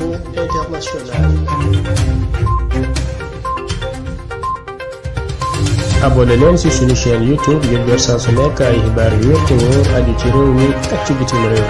Relations internationales. abonné ci suñu chaîne YouTube ngir jot saa su nekk ay xibaar yu wér te wóor aju ci réew mi ak ci bitim réew.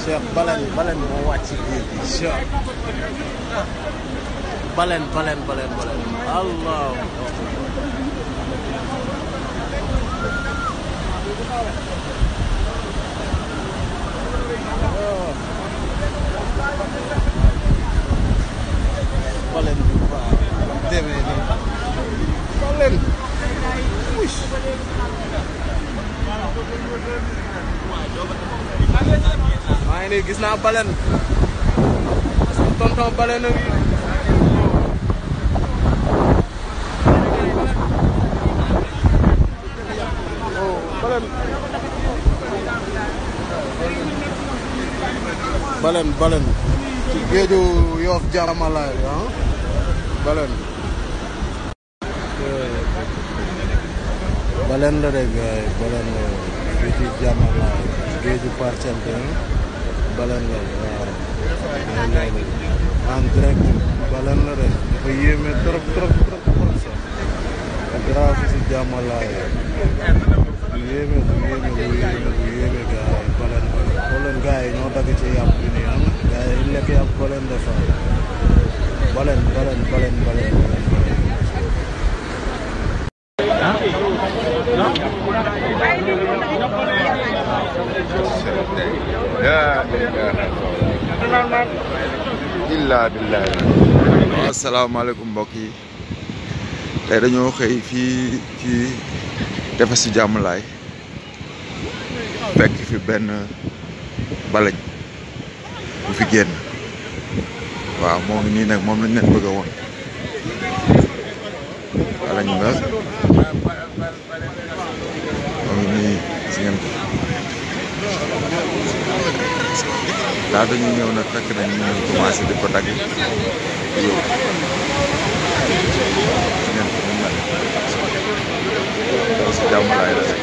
Cheikh baleine baleine moo baleen biir bi Cheikh baleine baleine baleine baleine Allah ngi nii gis naa baleine sama tonton baleine a ngi baleine oh, baleine ci géeju Yoff Diamalaye ah baleine baleine la de gars yi baleine fii ci Diamalaye géeju Parcelles ah. balan la waaw en direct balan la de dafa yéeme trop trop trop trop sax grave si jàmmalaay bu yéeme bu yéeme bu yéeme bu yéeme gars yi balan balan balan gars yi ñoo dagg ci yàpp bi nii am ah. gars yi lekk yàpp balan dafa balan balan balan day laa ilaaha illaa billaah asalaamaaleykum mbokk yi tey dañoo xëy fii ci tefesu jàmmalaay fekk fi benn balañ bu fi génn waaw moom nii nag moom lañ leen bëgg a woon balañ la laata ñu ñëw nag fekk nañ ñu ngi commencé di ko dagg yow. daw si jàmm laay la rek.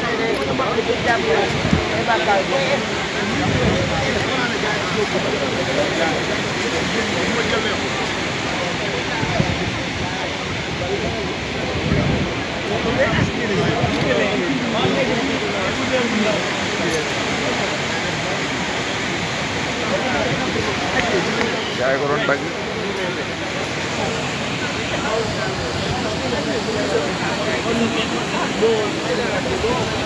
Thank you. ay ko doon dagg Thank you.